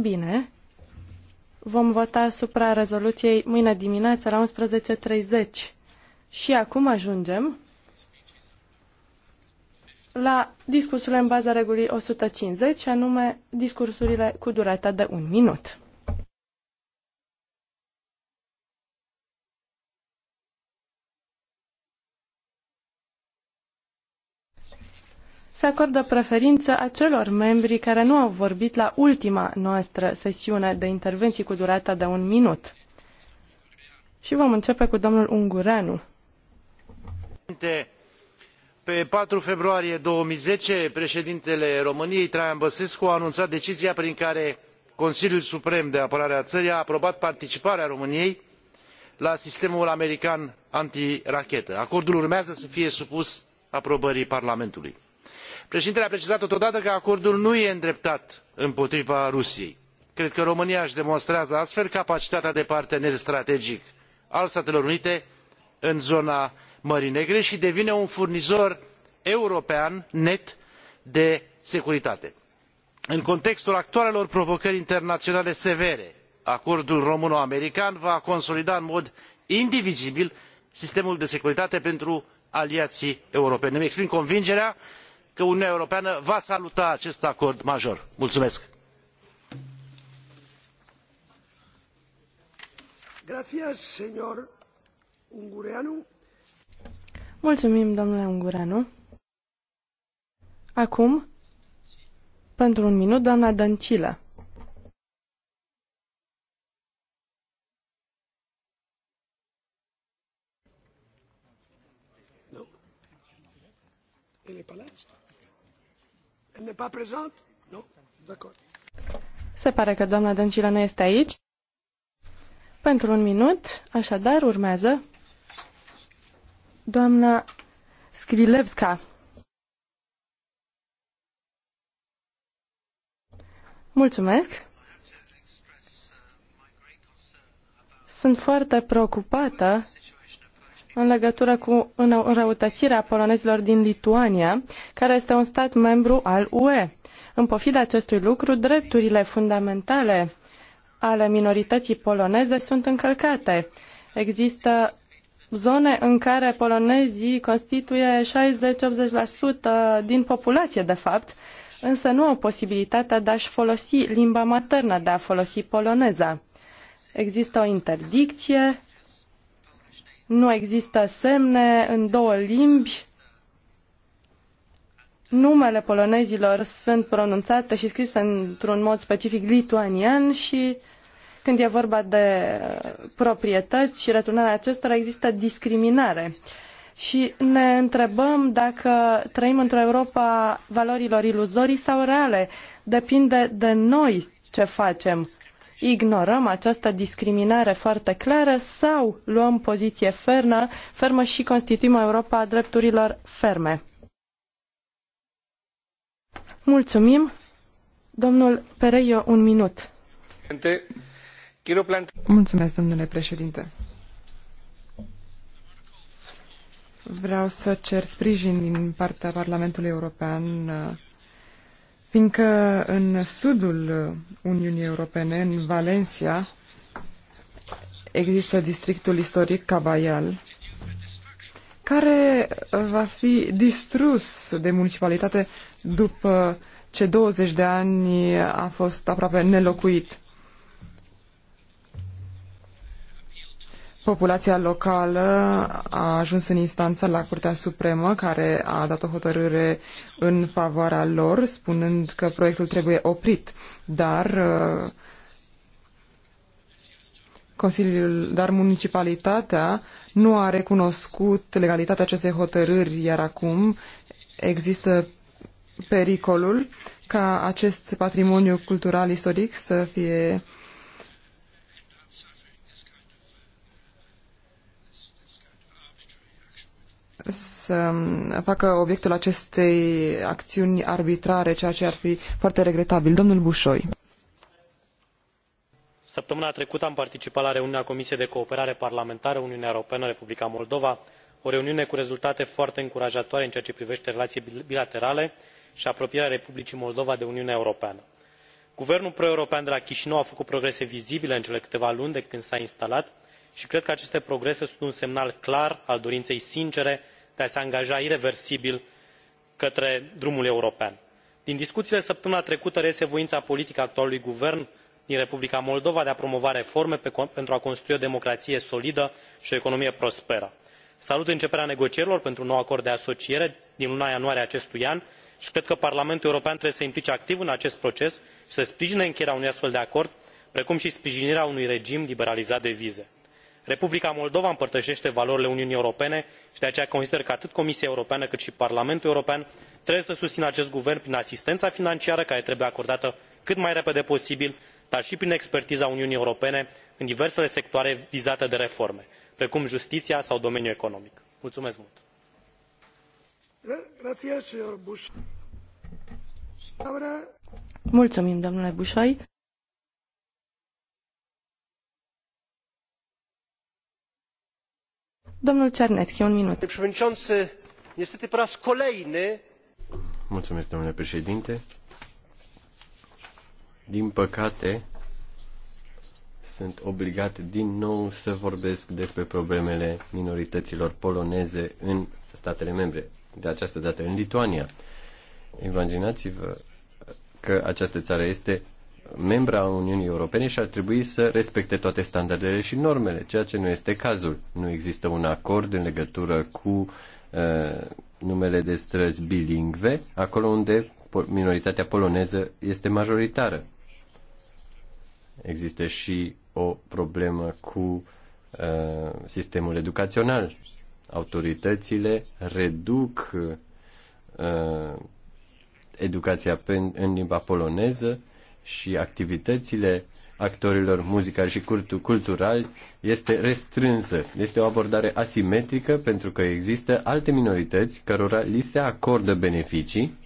Bine. Vom vota asupra rezoluției mâine dimineață la 11.30. Și acum ajungem la discursurile în baza regulii 150, anume discursurile cu durata de un minut. se acordă preferință acelor membri care nu au vorbit la ultima noastră sesiune de intervenții cu durata de un minut. Și vom începe cu domnul Ungureanu. Pe 4 februarie 2010, președintele României, Traian Băsescu, a anunțat decizia prin care Consiliul Suprem de Apărare a Țării a aprobat participarea României la sistemul american antirachetă. Acordul urmează să fie supus aprobării Parlamentului președintele a precizat totodată că acordul nu este îndreptat împotriva rusiei. cred că românia îi demonstrează astfel capacitatea de partener strategic al statelor unite în zona mării negre și devine un furnizor european net de securitate. în contextul actualelor provocări internaționale severe acordul româno american va consolida în mod indivizibil sistemul de securitate pentru aliații europeni. îmi exprim convingerea că că uniunea europeană va saluta acest acord major. mulțumesc. Mulțumim, domnule Ungureanu. Acum, pentru un minut, Se pare că doamna Dăncilă nu este aici. Pentru un minut, așadar, urmează doamna Skrilevska. Mulțumesc. Sunt foarte preocupată în legătură cu înrăutățirea polonezilor din Lituania, care este un stat membru al UE. În pofida acestui lucru, drepturile fundamentale ale minorității poloneze sunt încălcate. Există zone în care polonezii constituie 60-80% din populație, de fapt, însă nu au posibilitatea de a-și folosi limba maternă, de a folosi poloneza. Există o interdicție nu există semne în două limbi, numele polonezilor sunt pronunțate și scrise într-un mod specific lituanian și când e vorba de uh, proprietăți și returnarea acestora există discriminare. Și ne întrebăm dacă trăim într-o Europa valorilor iluzorii sau reale. Depinde de noi ce facem ignorăm această discriminare foarte clară sau luăm poziție fermă, fermă și constituim Europa a drepturilor ferme. Mulțumim. Domnul Pereio, un minut. Mulțumesc, domnule președinte. Vreau să cer sprijin din partea Parlamentului European fiindcă în sudul Uniunii Europene, în Valencia, există districtul istoric Cabaial, care va fi distrus de municipalitate după ce 20 de ani a fost aproape nelocuit. Populația locală a ajuns în instanță la Curtea Supremă, care a dat o hotărâre în favoarea lor, spunând că proiectul trebuie oprit. Dar uh, Consiliul, dar municipalitatea nu a recunoscut legalitatea acestei hotărâri, iar acum există pericolul ca acest patrimoniu cultural istoric să fie să facă obiectul acestei acțiuni arbitrare, ceea ce ar fi foarte regretabil. Domnul Bușoi. Săptămâna trecută am participat la reuniunea Comisiei de Cooperare Parlamentară Uniunea Europeană Republica Moldova, o reuniune cu rezultate foarte încurajatoare în ceea ce privește relații bilaterale și apropierea Republicii Moldova de Uniunea Europeană. Guvernul pro-european de la Chișinău a făcut progrese vizibile în cele câteva luni de când s-a instalat, i cred că aceste progrese sunt un semnal clar al dorinei sincere de a se angaja ireversibil către drumul european. din discuiile săptămâna trecută reiese voina politică a actualului guvern din republica moldova de a promova reforme pentru a construi o democraie solidă i o economie prosperă. salut începerea negocierilor pentru un nou acord de asociere din luna ianuarie a acestui an i cred că parlamentul european trebuie să se implice activ în acest proces i să sprijine încheierea unui astfel de acord precum i sprijinirea unui regim liberalizat de vize republica moldova împărtăete valorile uniunii europene i de aceea consider că atât comisia europeană cât i parlamentul european trebuie să susină acest guvern prin asistena financiară care trebuie acordată cât mai repede posibil dar i prin expertiza uniunii europene în diversele sectoare vizate de reforme precum justiia sau domeniul economic. mult! Mulțumim, Domnul Cernetchi, un minut. Mulțumesc, domnule președinte. Din păcate, sunt obligat din nou să vorbesc despre problemele minorităților poloneze în statele membre, de această dată în Lituania. Imaginați-vă că această țară este membra a Uniunii Europene și ar trebui să respecte toate standardele și normele, ceea ce nu este cazul. Nu există un acord în legătură cu uh, numele de străzi bilingve, acolo unde minoritatea poloneză este majoritară. Există și o problemă cu uh, sistemul educațional. Autoritățile reduc uh, educația pe, în limba poloneză și activitățile actorilor muzicali și culturali este restrânsă. Este o abordare asimetrică pentru că există alte minorități cărora li se acordă beneficii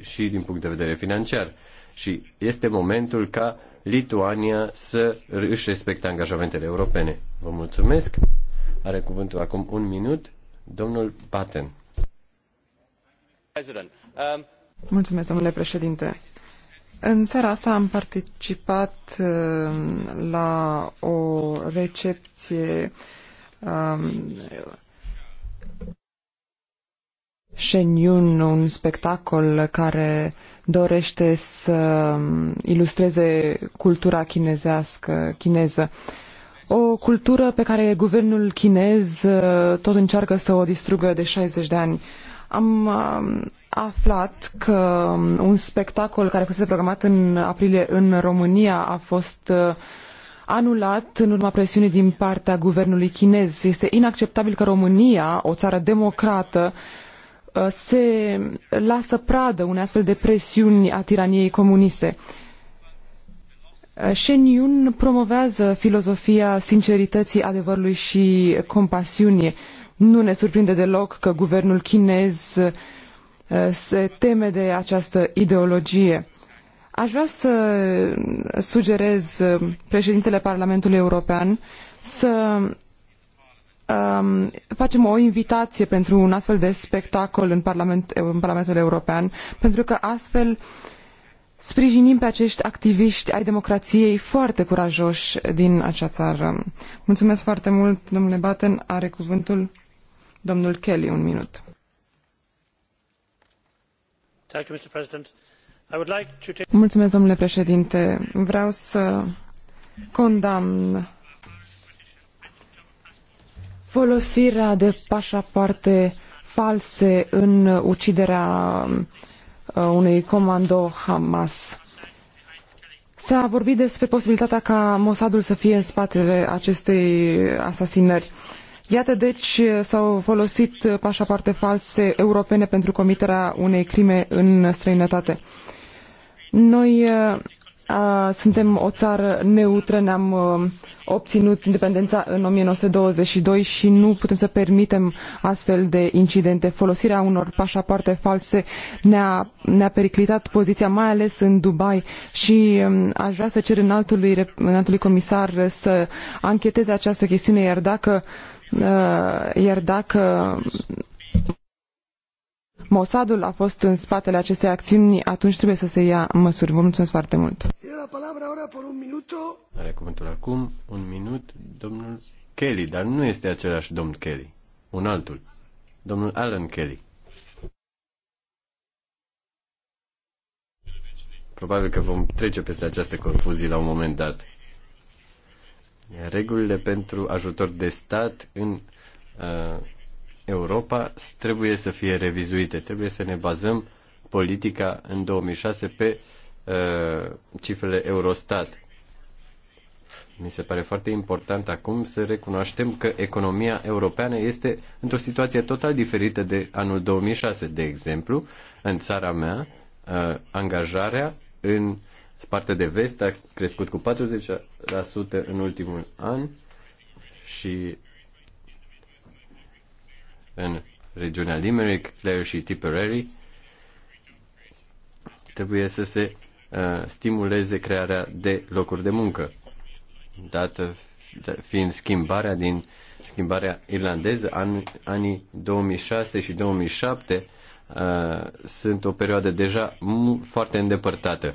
și din punct de vedere financiar. Și este momentul ca Lituania să își respecte angajamentele europene. Vă mulțumesc. Are cuvântul acum un minut domnul Patten. Um, mulțumesc, domnule președinte în seara asta am participat uh, la o recepție um, Yun, un spectacol care dorește să um, ilustreze cultura chinezească, chineză. O cultură pe care guvernul chinez uh, tot încearcă să o distrugă de 60 de ani. Am um, aflat că um, un spectacol care fusese programat în aprilie în România a fost uh, anulat în urma presiunii din partea guvernului chinez. Este inacceptabil că România, o țară democrată, uh, se lasă pradă unei astfel de presiuni a tiraniei comuniste. Uh, Shen Yun promovează filozofia sincerității, adevărului și compasiunii. Nu ne surprinde deloc că guvernul chinez Eh, se teme de această ideologie. Aș vrea să sugerez eh, președintele Parlamentului European să um, facem o invitație pentru un astfel de spectacol în, Parlament, în Parlamentul European, pentru că astfel sprijinim pe acești activiști ai democrației foarte curajoși din acea țară. Mulțumesc foarte mult, domnule Batten. Are cuvântul domnul Kelly, un minut. Mulțumesc, domnule președinte. Vreau să condamn folosirea de paapoarte false în uciderea uh, unui comando Hamas. S-a vorbit despre posibilitatea ca Mossadul să fie în spatele acestei asasinări. Iată deci s-au folosit pașapoarte false europene pentru comiterea unei crime în străinătate. Noi uh, a, suntem o țară neutră, ne-am uh, obținut independența în 1922 și nu putem să permitem astfel de incidente. Folosirea unor pașapoarte false ne-a, ne periclitat poziția, mai ales în Dubai și um, aș vrea să cer înaltului, înaltului comisar să ancheteze această chestiune, iar dacă Uh, iar dacă Mossadul a fost în spatele acestei acțiuni, atunci trebuie să se ia măsuri. Vă mulțumesc foarte mult. Are cuvântul acum, un minut, domnul Kelly, dar nu este același domn Kelly, un altul, domnul Alan Kelly. Probabil că vom trece peste această confuzie la un moment dat. Regulile pentru ajutor de stat în uh, Europa trebuie să fie revizuite. Trebuie să ne bazăm politica în 2006 pe uh, cifrele Eurostat. Mi se pare foarte important acum să recunoaștem că economia europeană este într-o situație total diferită de anul 2006. De exemplu, în țara mea, uh, angajarea în Partea de vest a crescut cu 40% în ultimul an și în regiunea Limerick, Clare și Tipperary trebuie să se uh, stimuleze crearea de locuri de muncă, dată fiind schimbarea din schimbarea irlandeză, an, anii 2006 și 2007 uh, sunt o perioadă deja foarte îndepărtată.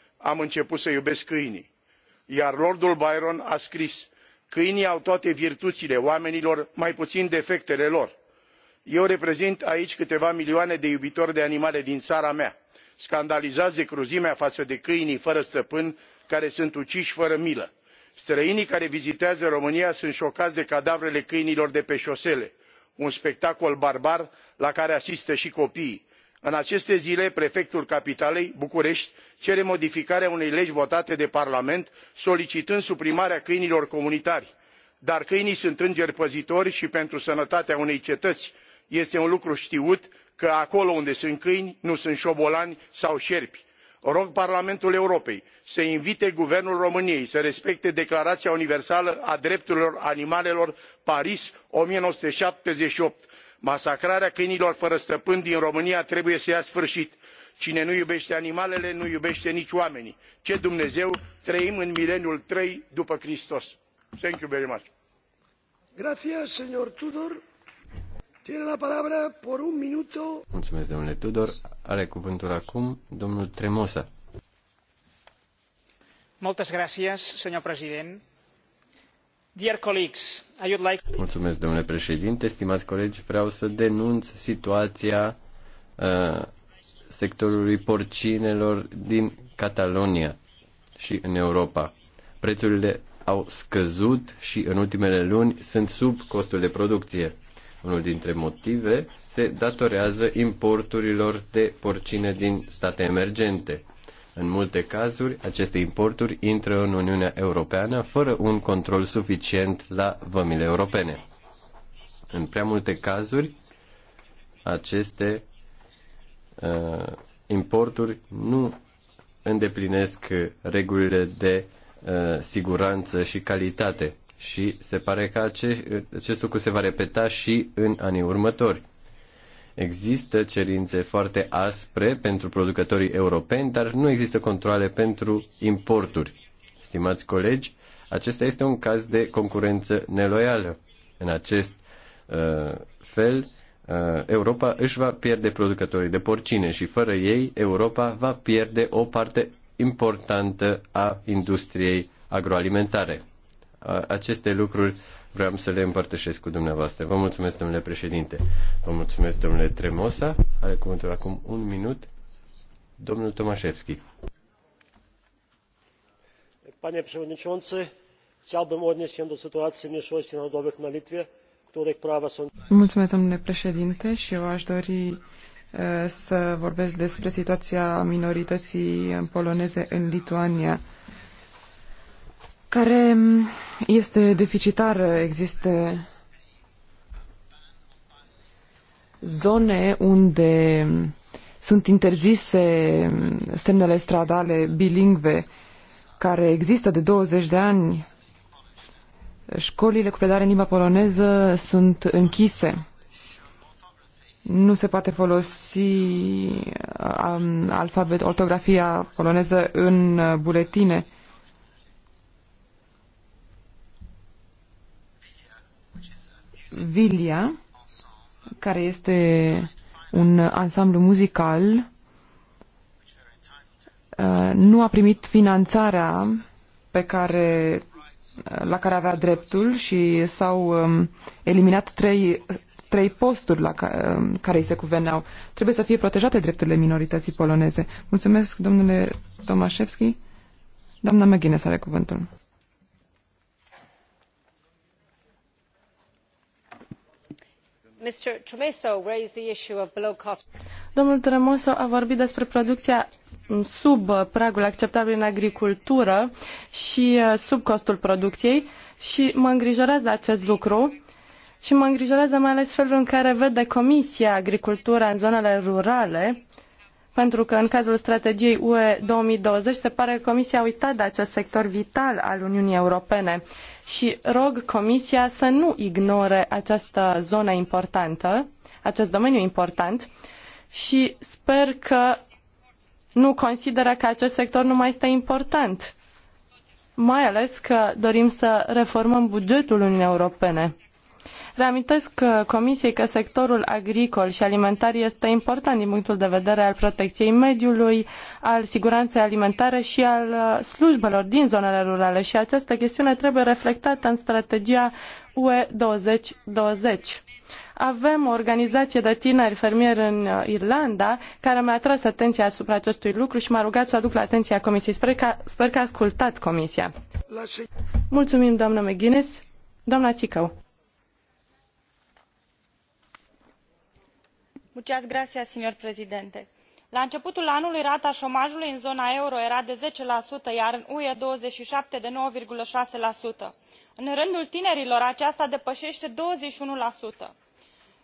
am început să iubesc câinii iar lordul byron a scris câinii au toate virtuțile oamenilor mai puțin defectele lor. eu reprezint aici câteva milioane de iubitori de animale din țara mea scandalizați de cruzimea față de câinii fără stăpân care sunt uciși fără milă. străinii care vizitează românia sunt șocați de cadavrele câinilor de pe șosele un spectacol barbar la care asistă și copiii în aceste zile prefectul capitalei bucurești cere modificarea unei legi votate de parlament solicitând suprimarea câinilor comunitari dar câinii sunt îngeri păzitori și pentru sănătatea unei cetăți este un lucru știut că acolo unde sunt câini nu sunt șobolani sau șerpi. rog parlamentul europei să invite guvernul româniei să respecte declarația universală a drepturilor animalelor paris o mie nouă sute șaptezeci și opt masacrarea câinilor fără stăpân din românia trebuie să ia sfârșit. cine nu iubește animalele nu iubește nici oamenii. ce dumnezeu trăim în mileniul trei după hristos! Mulțumesc, domnule Tudor. Are cuvântul acum domnul Tremosa. Moltes gràcies, senyor president colegi, vreau să denunț situația uh, sectorului porcinelor din Catalonia și în Europa. Prețurile au scăzut și în ultimele luni sunt sub costul de producție. Unul dintre motive se datorează importurilor de porcine din state emergente. În multe cazuri, aceste importuri intră în Uniunea Europeană fără un control suficient la vămile europene. În prea multe cazuri, aceste uh, importuri nu îndeplinesc regulile de uh, siguranță și calitate și se pare că ace- acest lucru se va repeta și în anii următori. Există cerințe foarte aspre pentru producătorii europeni, dar nu există controle pentru importuri. Stimați colegi, acesta este un caz de concurență neloială. În acest uh, fel, uh, Europa își va pierde producătorii de porcine și fără ei, Europa va pierde o parte importantă a industriei agroalimentare aceste lucruri vreau să le împărtășesc cu dumneavoastră. Vă mulțumesc, domnule președinte. Vă mulțumesc, domnule Tremosa. Are cuvântul acum un minut. Domnul Tomașevski. Panie przewodniczący, chciałbym odnieść się do sytuacji mniejszości narodowych na Litwie, których prawa są... Mulțumesc, domnule președinte, și eu aș dori să vorbesc despre situația minorității poloneze în Lituania care este deficitară. Există zone unde sunt interzise semnele stradale bilingve care există de 20 de ani. Școlile cu predare în limba poloneză sunt închise. Nu se poate folosi um, alfabet, ortografia poloneză în uh, buletine. Vilia, care este un ansamblu muzical, uh, nu a primit finanțarea pe care, uh, la care avea dreptul și s-au um, eliminat trei, trei posturi la care, um, care îi se cuveneau. Trebuie să fie protejate drepturile minorității poloneze. Mulțumesc, domnule Tomaszewski. Doamna McGuinness are cuvântul. Domnul Tremoso a vorbit despre producția sub pragul acceptabil în agricultură și uh, sub costul producției și mă îngrijorează acest lucru și mă îngrijorează mai ales felul în care vede Comisia agricultura în zonele rurale uh, pentru că în cadrul strategiei UE 2020 se pare că Comisia a uitat de acest sector vital al Uniunii Europene și rog Comisia să nu ignore această zonă importantă, acest domeniu important și sper că nu consideră că acest sector nu mai este important, mai ales că dorim să reformăm bugetul Uniunii Europene. Reamintesc Comisiei că sectorul agricol și alimentar este important din punctul de vedere al protecției mediului, al siguranței alimentare și al uh, slujbelor din zonele rurale și această chestiune trebuie reflectată în strategia UE 2020 avem o organizație de tineri fermieri în uh, Irlanda care mi-a atras atenția asupra acestui lucru și m-a rugat să aduc la atenția Comisiei. Sper că, sper că a ascultat Comisia. Mulțumim, doamnă McGuinness. Doamna la începutul anului rata omajului în zona euro era de zece iar în ue douăzeci și șapte de. nouă șase în rândul tinerilor aceasta depăete. douăzeci și unu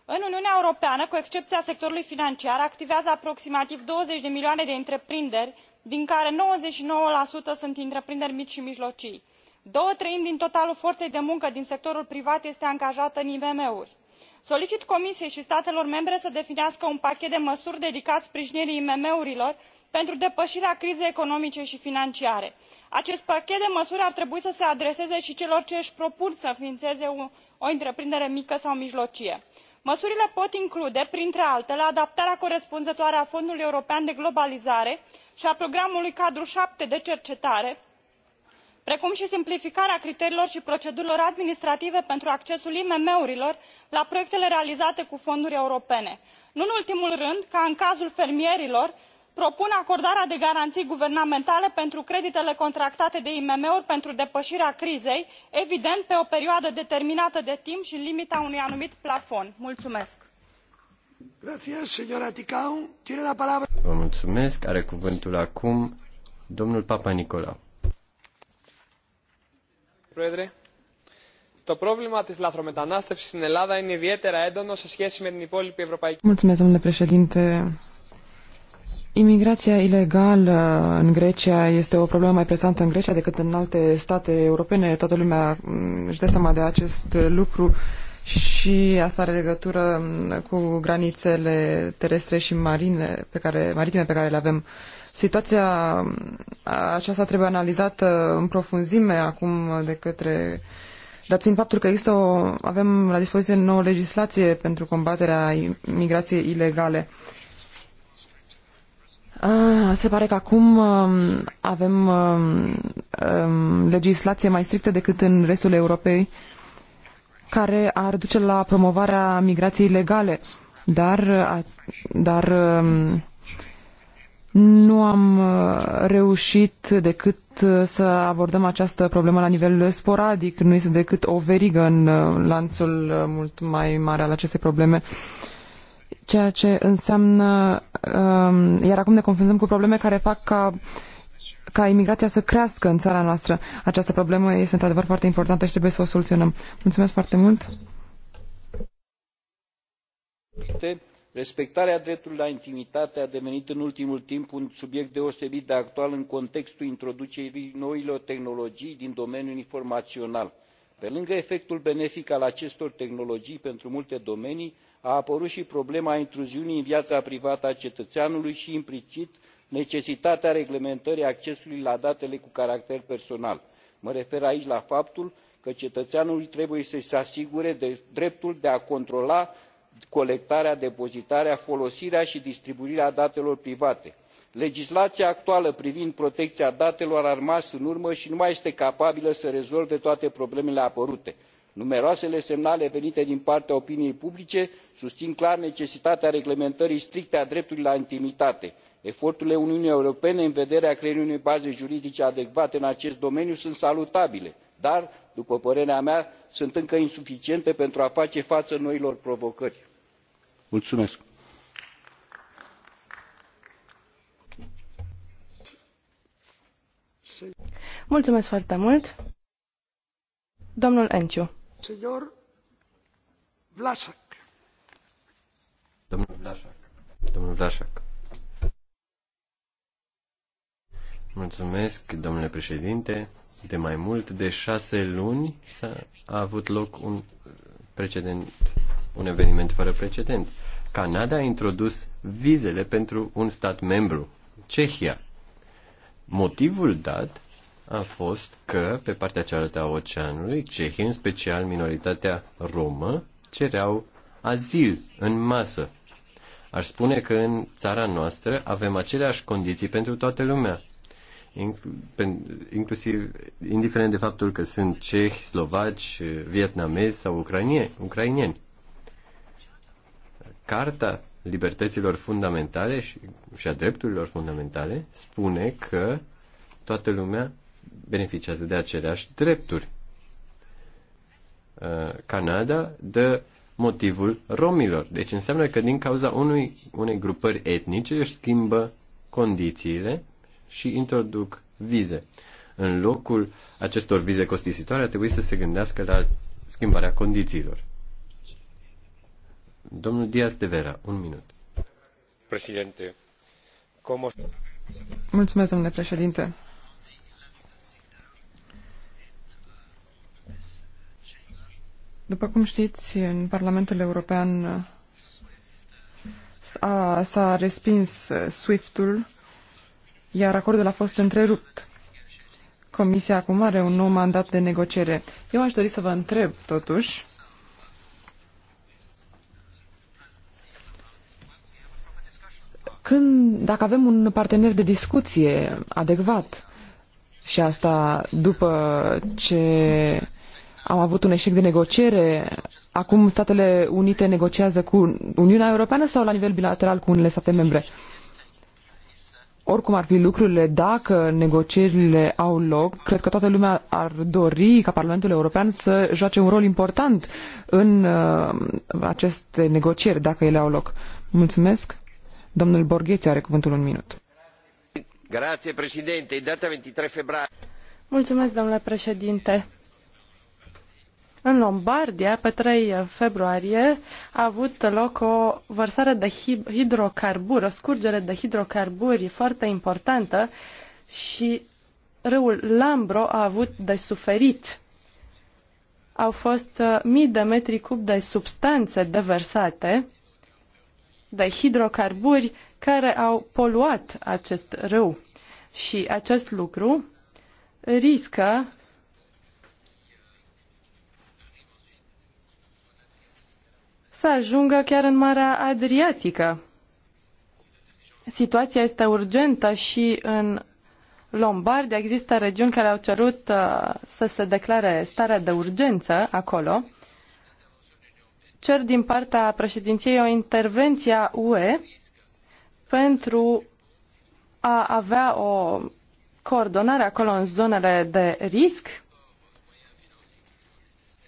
în uniunea europeană cu excepia sectorului financiar activează aproximativ douăzeci de milioane de întreprinderi din care nouăzeci și nouă sunt întreprinderi mici i mijlocii. două treimi din totalul forei de muncă din sectorul privat este angajată în imm uri solicit comisiei i statelor membre să definească un pachet de măsuri dedicat sprijinirii imm urilor pentru depăirea crizei economice i financiare. acest pachet de măsuri ar trebui să se adreseze i celor ce îi propun să înfiineze o întreprindere mică sau mijlocie. măsurile pot include printre altele adaptarea corespunzătoare a fondului european de globalizare i a programului cadru șapte de cercetare precum i simplificarea criteriilor i procedurilor administrative pentru accesul imm urilor la proiectele realizate cu fonduri europene. nu în ultimul rând ca în cazul fermierilor propun acordarea de garanii guvernamentale pentru creditele contractate de imm uri pentru depăirea crizei evident pe o perioadă determinată de timp i în limita unui anumit plafon. mulțumesc. Are cuvântul acum domnul Papa πρόεδρε το πρόβλημα της λαθρομετανάστευσης στην Ελλάδα είναι ιδιαίτερα έντονο σε σχέση με την υπόλοιπη ευρωπαϊκή... Mulțumesc, domnule președinte. Imigrația ilegală în Grecia este o problemă mai prezentă în Grecia decât în alte state europene. Toată lumea mm, își dă seama de acest lucru și asta are legătură mm, cu granițele terestre și marine pe care, maritime pe care le avem uh, Situația aceasta trebuie analizată în profunzime acum de către Dat fiind faptul că există o, avem la dispoziție nouă legislație pentru combaterea migrației ilegale. Se pare că acum um, avem um, um, legislație mai strictă decât în restul Europei care ar duce la promovarea migrației ilegale. Dar, dar nu am uh, reușit decât uh, să abordăm această problemă la nivel sporadic, nu este decât o verigă în uh, lanțul mult mai mare al acestei probleme, ceea ce înseamnă, um, iar acum ne confruntăm cu probleme care fac ca ca imigrația să crească în țara noastră. Această problemă este într-adevăr foarte importantă și trebuie să o soluționăm. Mulțumesc foarte mult! respectarea dreptului la intimitate a devenit în ultimul timp un subiect deosebit de actual în contextul introducerii noilor tehnologii din domeniul informaional. pe lângă efectul benefic al acestor tehnologii pentru multe domenii a apărut i problema intruziunii în viaa privată a cetăeanului i implicit necesitatea reglementării accesului la datele cu caracter personal. mă refer aici la faptul că cetăeanul trebuie să i se asigure dreptul de a controla colectarea depozitarea folosirea i distribuirea datelor private. legislaia actuală privind protecia datelor a rămas în urmă i nu mai este capabilă să rezolve toate problemele apărute. numeroasele semnale venite din partea opiniei publice susin clar necesitatea reglementării stricte a dreptului la intimitate. eforturile uniunii europene în vederea creării unei baze juridice adecvate în acest domeniu sunt salutabile dar după părerea mea sunt încă insuficiente pentru a face faă noilor provocări. Mulțumesc! Mulțumesc foarte mult! Domnul Enciu. Señor Vlasac. Domnul Vlasac. Domnul Vlasac. Mulțumesc, domnule președinte. De mai mult de șase luni s-a avut loc un precedent un eveniment fără precedent. Canada a introdus vizele pentru un stat membru, Cehia. Motivul dat a fost că, pe partea cealaltă a oceanului, cehii, în special minoritatea romă, cereau azil în masă. Aș spune că în țara noastră avem aceleași condiții pentru toată lumea, inclusiv, indiferent de faptul că sunt cehi, slovaci, vietnamezi sau ucrainieni. Carta Libertăților Fundamentale și, și a Drepturilor Fundamentale spune că toată lumea beneficiază de aceleași drepturi. Uh, Canada dă motivul romilor. Deci înseamnă că din cauza unui, unei grupări etnice își schimbă condițiile și introduc vize. În locul acestor vize costisitoare ar trebui să se gândească la schimbarea condițiilor. Domnul Diaz de Vera, un minut. Președinte, como... Mulțumesc, domnule președinte. După cum știți, în Parlamentul European s-a respins SWIFT-ul, iar acordul a fost întrerupt. Comisia acum are un nou mandat de negociere. Eu aș dori să vă întreb, totuși, când, dacă avem un partener de discuție adecvat și asta după ce am avut un eșec de negociere, acum Statele Unite negociază cu Uniunea Europeană sau la nivel bilateral cu unele state membre? Oricum ar fi lucrurile, dacă negocierile au loc, cred că toată lumea ar dori ca Parlamentul European să joace un rol important în uh, aceste negocieri, dacă ele au loc. Mulțumesc! Domnul Borgheți are cuvântul un minut. Grazie, președinte. Data 23 februarie. Mulțumesc, domnule președinte. În Lombardia, pe 3 februarie, a avut loc o vărsare de hidrocarburi, o scurgere de hidrocarburi foarte importantă și râul Lambro a avut de suferit. Au fost uh, mii de metri cub de substanțe deversate de hidrocarburi care au poluat acest râu. Și acest lucru riscă să ajungă chiar în Marea Adriatică. Situația este urgentă și în Lombardia există regiuni care au cerut uh, să se declare starea de urgență acolo cer din partea președinției o intervenție a UE pentru a avea o coordonare acolo în zonele de risc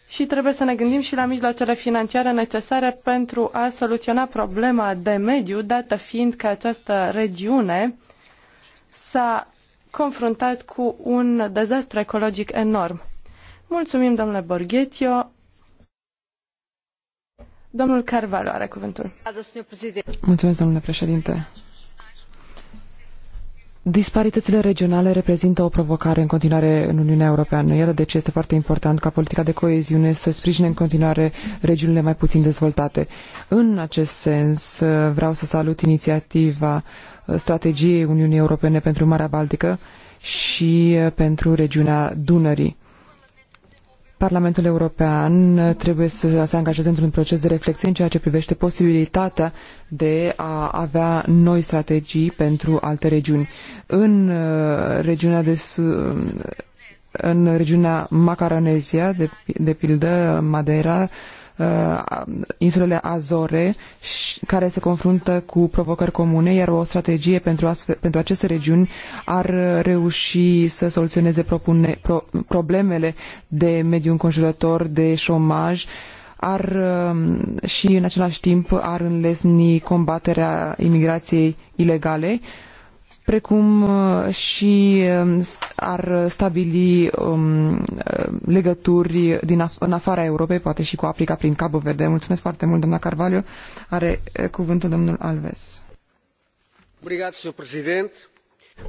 și trebuie să ne gândim și la mijloacele financiare necesare pentru a soluționa problema de mediu, dată fiind că această regiune s-a confruntat cu un dezastru ecologic enorm. Mulțumim, domnule Borghetio. Domnul are cuvântul. Disparitățile regionale reprezintă o provocare în continuare în Uniunea Europeană. Iată de ce este foarte important ca politica de coeziune să sprijine în continuare regiunile mai puțin dezvoltate. În acest sens, vreau să salut inițiativa strategiei Uniunii Europene pentru Marea Baltică și pentru regiunea Dunării. Parlamentul European trebuie să se angajeze într-un proces de reflexie în ceea ce privește posibilitatea de a avea noi strategii pentru alte regiuni. În uh, regiunea de în regiunea Macaronezia, de, de pildă Madeira, Uh, insulele Azore, care se confruntă cu provocări comune, iar o strategie pentru, astfel, pentru aceste regiuni ar reuși să soluționeze propune, pro, problemele de mediu înconjurător, de șomaj, ar um, și în același timp ar înlesni combaterea imigrației ilegale, uh, precum uh, și um, ar stabili um, uh, legături din af- în afara Europei, poate și cu Africa prin Cabo Verde. Mulțumesc foarte mult, doamna Carvalho. Are uh, cuvântul domnul Alves.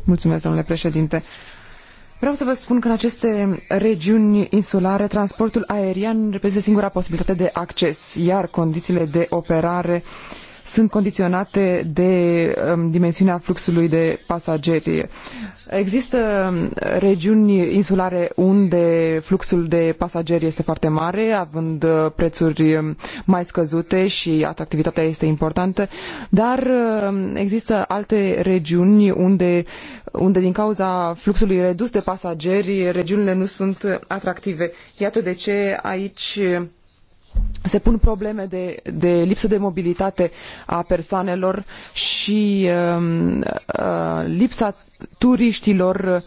Mulțumesc, domnule președinte. Vreau să vă spun că în aceste regiuni insulare, transportul aerian reprezintă singura posibilitate de acces, iar condițiile de operare uh, sunt condiționate de um, dimensiunea fluxului de pasageri. Există um, regiuni insulare unde fluxul de pasageri este foarte mare, având uh, prețuri um, mai scăzute și atractivitatea este importantă, dar există alte regiuni unde, unde din cauza fluxului redus de pasageri, regiunile nu sunt atractive. Iată de ce aici se pun probleme de, de lipsă de mobilitate a persoanelor și uh, uh, lipsa turiștilor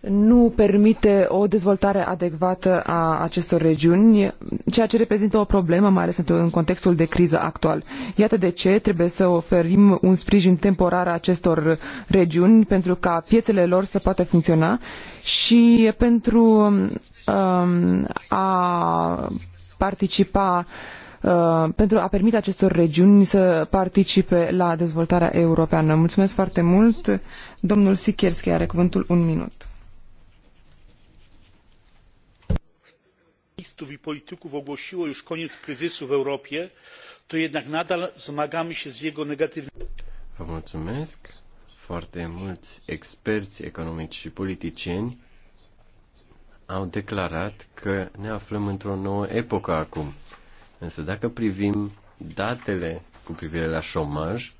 nu permite o dezvoltare adecvată a acestor regiuni, ceea ce reprezintă o problemă, mai ales în contextul de criză actual. Iată de ce trebuie să oferim un sprijin temporar acestor regiuni pentru ca piețele lor să poată funcționa și pentru um, a participa uh, pentru a permite acestor regiuni să participe la dezvoltarea europeană. Mulțumesc foarte mult. Domnul Sikierski are cuvântul un minut. ekonomistów i polityków ogłosiło już koniec kryzysu w europie to jednak nadal zmagamy się z jego negatywnymi. Vă mulțumesc. Foarte mulți experți economici și politicieni au declarat că ne aflăm într-o nouă epocă acum. Însă dacă privim datele cu privire la șomaj,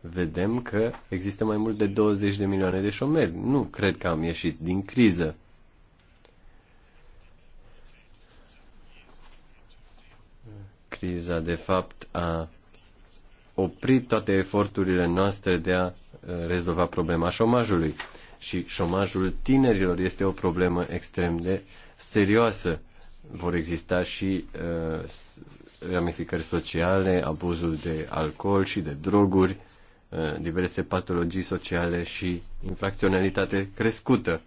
vedem că există mai mult de 20 de milioane de șomeri. Nu cred că am ieșit din criză. Criza, de fapt, a oprit toate eforturile noastre de a uh, rezolva problema șomajului și șomajul tinerilor este o problemă extrem de serioasă. Vor exista și uh, ramificări sociale, abuzul de alcool și de droguri, uh, diverse patologii sociale și infracționalitate crescută.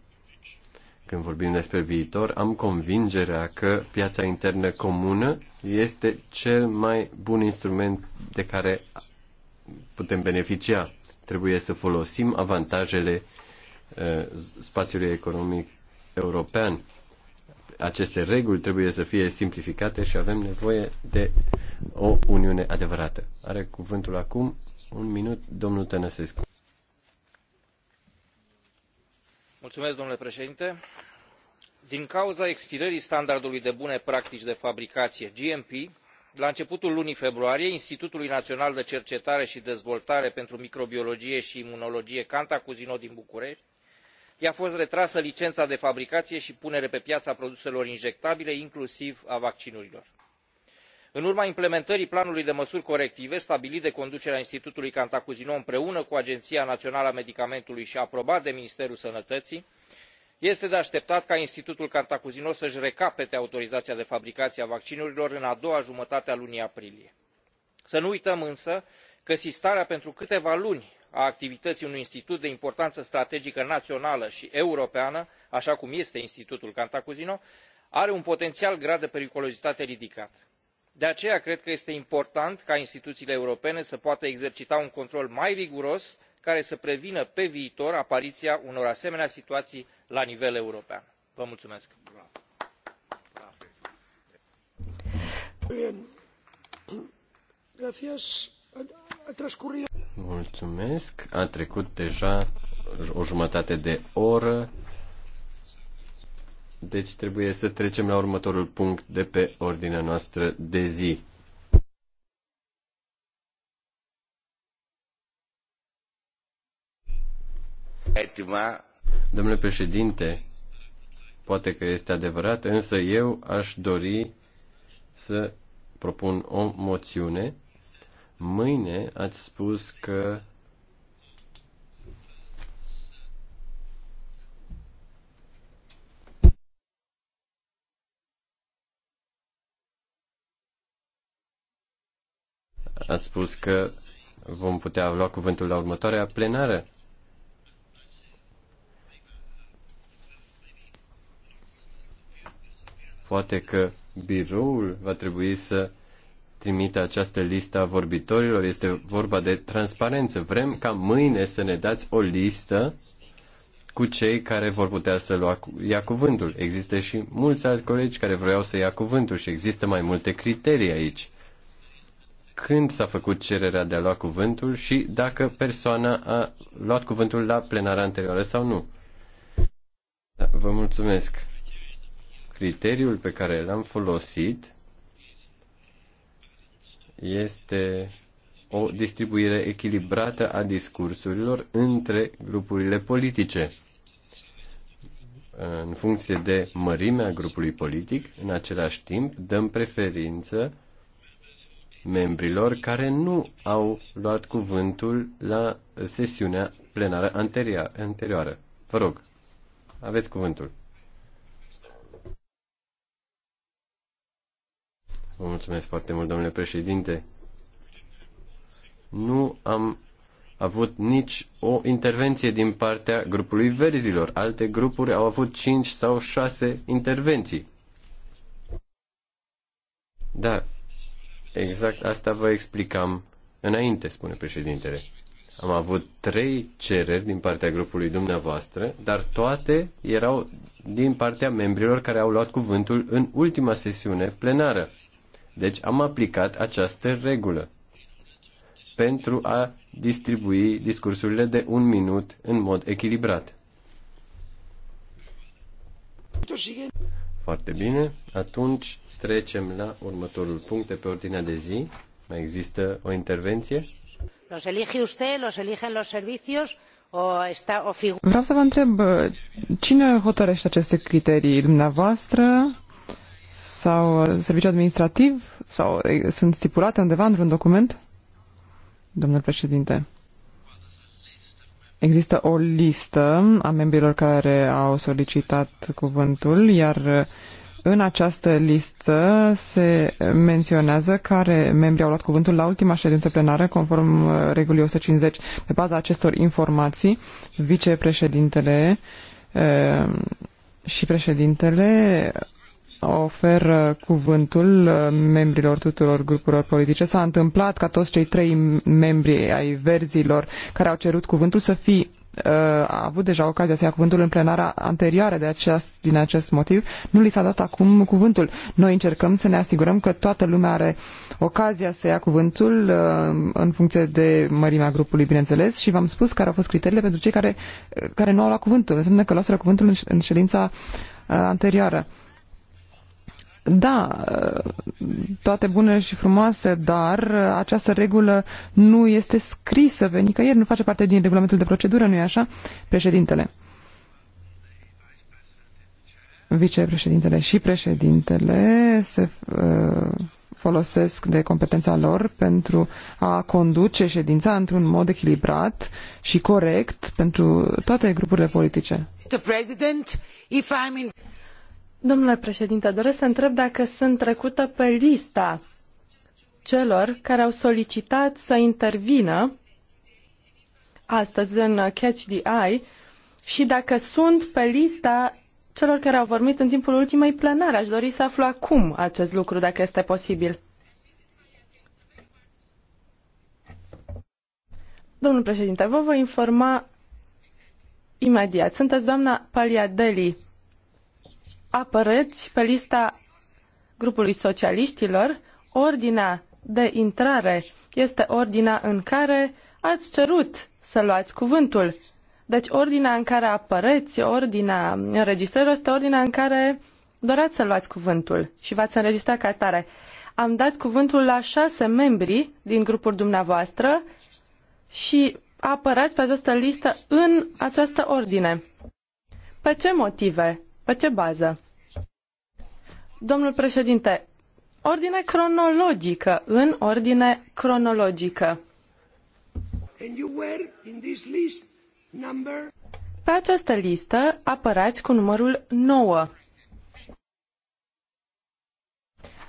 Când vorbim despre viitor, am convingerea că piața internă comună este cel mai bun instrument de care putem beneficia. Trebuie să folosim avantajele spațiului economic european. Aceste reguli trebuie să fie simplificate și avem nevoie de o uniune adevărată. Are cuvântul acum un minut domnul Tănăsescu. Mulțumesc, domnule președinte. Din cauza expirării standardului de bune practici de fabricație GMP, la începutul lunii februarie institutul național de cercetare și dezvoltare pentru microbiologie și imunologie cantacuzino din bucurești i a fost retrasă licena de fabricaie i punere pe piaă a produselor injectabile inclusiv a vaccinurilor. în urma implementării planului de măsuri corective stabilit de conducerea institutului cantacuzino împreună cu agenia naională a medicamentului i aprobat de ministerul sănătății este de ateptat ca institutul cantacuzino să îi recapete autorizaia de fabricaie a vaccinurilor în a doua jumătate a lunii aprilie. să nu uităm însă că sistarea pentru câteva luni a activității unui institut de importanță strategică națională și europeană așa cum este institutul cantacuzino are un potențial grad de periculozitate ridicat. de aceea cred că este important ca instituțiile europene să poată exercita un control mai riguros care să prevină pe viitor apariția unor asemenea situații la nivel european. Vă mulțumesc. Mulțumesc. A trecut deja o jumătate de oră. Deci trebuie să trecem la următorul punct de pe ordinea noastră de zi. Etima. Domnule președinte, poate că este adevărat, însă eu aș dori să propun o moțiune Mâine ați spus că ați spus că vom putea lua cuvântul la următoarea plenară. Poate că biroul va trebui să trimite această listă a vorbitorilor. Este vorba de transparență. Vrem ca mâine să ne dați o listă cu cei care vor putea să lua, ia cuvântul. Există și mulți alți colegi care vreau să ia cuvântul și există mai multe criterii aici. Când s-a făcut cererea de a lua cuvântul și dacă persoana a luat cuvântul la plenara anterioară sau nu. Da, vă mulțumesc. Criteriul pe care l-am folosit este o distribuire echilibrată a discursurilor între grupurile politice. În funcție de mărimea grupului politic, în același timp, dăm preferință membrilor care nu au luat cuvântul la sesiunea plenară anterioară. Vă rog, aveți cuvântul. Vă mulțumesc foarte mult, domnule președinte. Nu am avut nici o intervenție din partea grupului verzilor. Alte grupuri au avut 5 sau 6 intervenții. Da, exact asta vă explicam înainte, spune președintele. Am avut trei cereri din partea grupului dumneavoastră, dar toate erau din partea membrilor care au luat cuvântul în ultima sesiune plenară. Deci am aplicat această regulă pentru a distribui discursurile de un minut în mod echilibrat. Foarte bine. Atunci trecem la următorul punct de pe ordinea de zi. Mai există o intervenție? Los elige usted, los eligen los servicios o esta o Vreau să vă întreb cine hotărăște aceste criterii, dumneavoastră sau uh, serviciu administrativ sau sunt stipulate undeva într-un document? Domnul președinte. Există o listă a membrilor care au solicitat cuvântul, iar uh, în această listă se menționează care membri au luat cuvântul la ultima ședință plenară, conform uh, regulii 150. Pe baza acestor informații, vicepreședintele și președintele ofer uh, cuvântul uh, membrilor tuturor grupurilor politice. S-a întâmplat ca toți cei trei membri ai verzilor care au cerut cuvântul să fie uh, a avut deja ocazia să ia cuvântul în plenara anterioară de aceast, din acest motiv, nu li s-a dat acum cuvântul. Noi încercăm să ne asigurăm că toată lumea are ocazia să ia cuvântul în funcție de mărimea grupului, bineînțeles, și v-am spus care au fost criteriile pentru cei care, care nu au luat cuvântul. Înseamnă că luaseră cuvântul în ședința anterioară. Da, toate bune și frumoase, dar această regulă nu este scrisă pe nicăieri, nu face parte din regulamentul de procedură, nu-i așa? Președintele. Vicepreședintele și președintele se uh, folosesc de competența lor pentru a conduce ședința într-un mod echilibrat și corect pentru toate grupurile politice. Domnule președinte, doresc să întreb dacă sunt trecută pe lista celor care au solicitat să intervină astăzi în Catch the Eye și dacă sunt pe lista celor care au vorbit în timpul ultimei plenare. Aș dori să aflu acum acest lucru, dacă este posibil. Domnul președinte, vă voi informa imediat. Sunteți doamna Paliadeli apărăți pe lista grupului socialiștilor. Ordinea de intrare este ordinea în care ați cerut să luați cuvântul. Deci ordinea în care apăreți, ordinea înregistrării este ordinea în care doreați să luați cuvântul și v-ați înregistrat ca tare. Am dat cuvântul la șase membri din grupul dumneavoastră și apărați pe această listă în această ordine. Pe ce motive pe ce bază? Domnul președinte, ordine cronologică, în ordine cronologică. Pe această listă apărați cu numărul 9.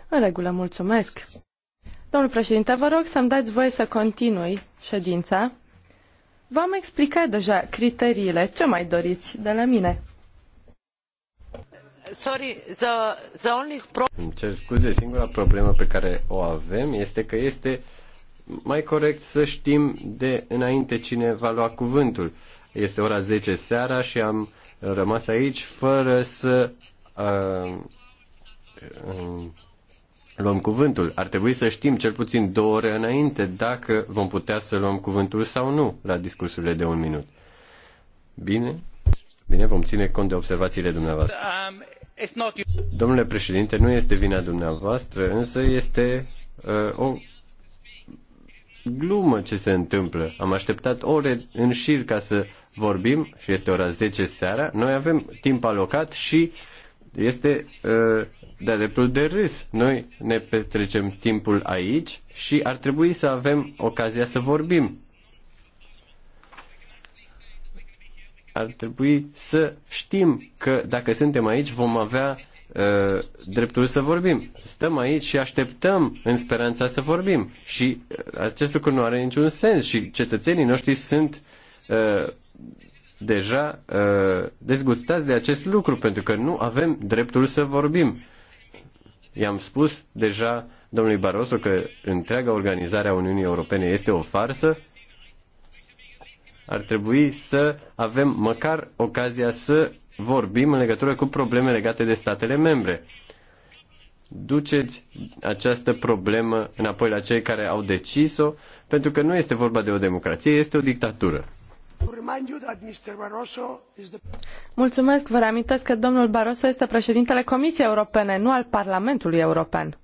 În regulă, mulțumesc. Domnul președinte, vă rog să-mi dați voie să continui ședința. V-am explicat deja criteriile. Ce mai doriți de la mine? Îmi cer scuze, singura problemă pe care o avem este că este mai corect să știm de înainte cine va lua cuvântul. Este ora 10 seara și am rămas aici fără să uh, uh, luăm cuvântul. Ar trebui să știm cel puțin două ore înainte dacă vom putea să luăm cuvântul sau nu la discursurile de un minut. Bine? Bine, vom ține cont de observațiile dumneavoastră. Um, Domnule președinte, nu este vina dumneavoastră, însă este uh, o glumă ce se întâmplă. Am așteptat ore în șir ca să vorbim și este ora 10 seara. Noi avem timp alocat și este uh, de-a dreptul de râs. Noi ne petrecem timpul aici și ar trebui să avem ocazia să vorbim. ar trebui să știm că dacă suntem aici vom avea uh, dreptul să vorbim. Stăm aici și așteptăm în speranța să vorbim. Și uh, acest lucru nu are niciun sens și cetățenii noștri sunt uh, deja uh, dezgustați de acest lucru pentru că nu avem dreptul să vorbim. I-am spus deja domnului Barroso că întreaga organizare a Uniunii Europene este o farsă ar trebui să avem măcar ocazia să vorbim în legătură cu probleme legate de statele membre. Duceți această problemă înapoi la cei care au decis-o, pentru că nu este vorba de o democrație, este o dictatură. Mulțumesc, vă reamintesc că domnul Barroso este președintele Comisiei Europene, nu al Parlamentului European.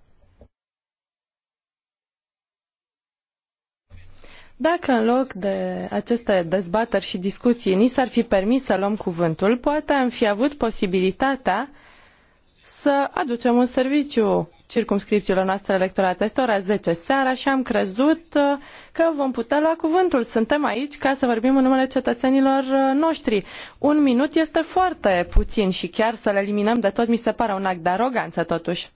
Dacă în loc de aceste dezbateri și discuții ni s-ar fi permis să luăm cuvântul, poate am fi avut posibilitatea să aducem un serviciu circumscripțiilor noastre electorate. Este ora 10 seara și am crezut uh, că vom putea lua cuvântul. Suntem aici ca să vorbim în numele cetățenilor uh, noștri. Un minut este foarte puțin și chiar să-l eliminăm de tot mi se pare un act de aroganță totuși.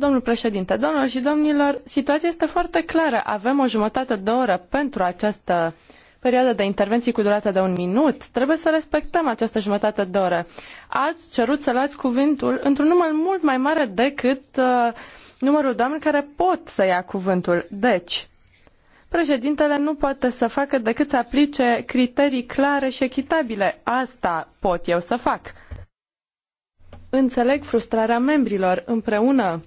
Domnul președinte, domnilor și domnilor, situația este foarte clară. Avem o jumătate de oră pentru această perioadă de intervenții cu durată de un minut. Trebuie să respectăm această jumătate de oră. Ați cerut să luați cuvântul într-un număr mult mai mare decât uh, numărul de oameni care pot să ia cuvântul. Deci, președintele nu poate să facă decât să aplice criterii clare și echitabile. Asta pot eu să fac. Înțeleg frustrarea membrilor împreună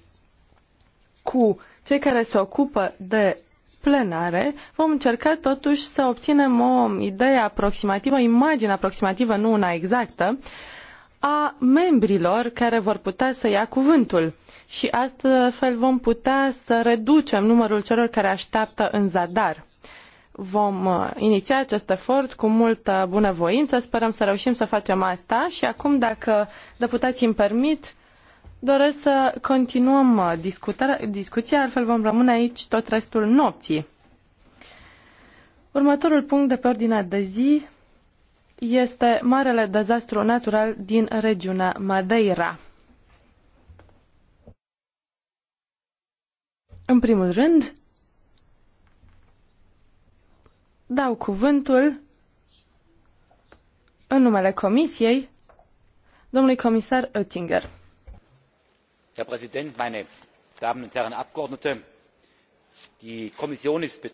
cu cei care se ocupă de plenare, vom încerca totuși să obținem o idee aproximativă, o imagine aproximativă, nu una exactă, a membrilor care vor putea să ia cuvântul. Și astfel vom putea să reducem numărul celor care așteaptă în zadar. Vom uh, iniția acest efort cu multă bunăvoință, sperăm să reușim să facem asta și acum, dacă deputații îmi permit, doresc să continuăm uh, discuția, altfel vom rămâne aici tot restul nopții. Următorul punct de pe ordinea de zi este marele dezastru natural din regiunea Madeira. În primul rând, dau cuvântul în numele Comisiei domnului comisar Oettinger herr präsident meine damen und herren abgeordnete! die kommission ist betroffen.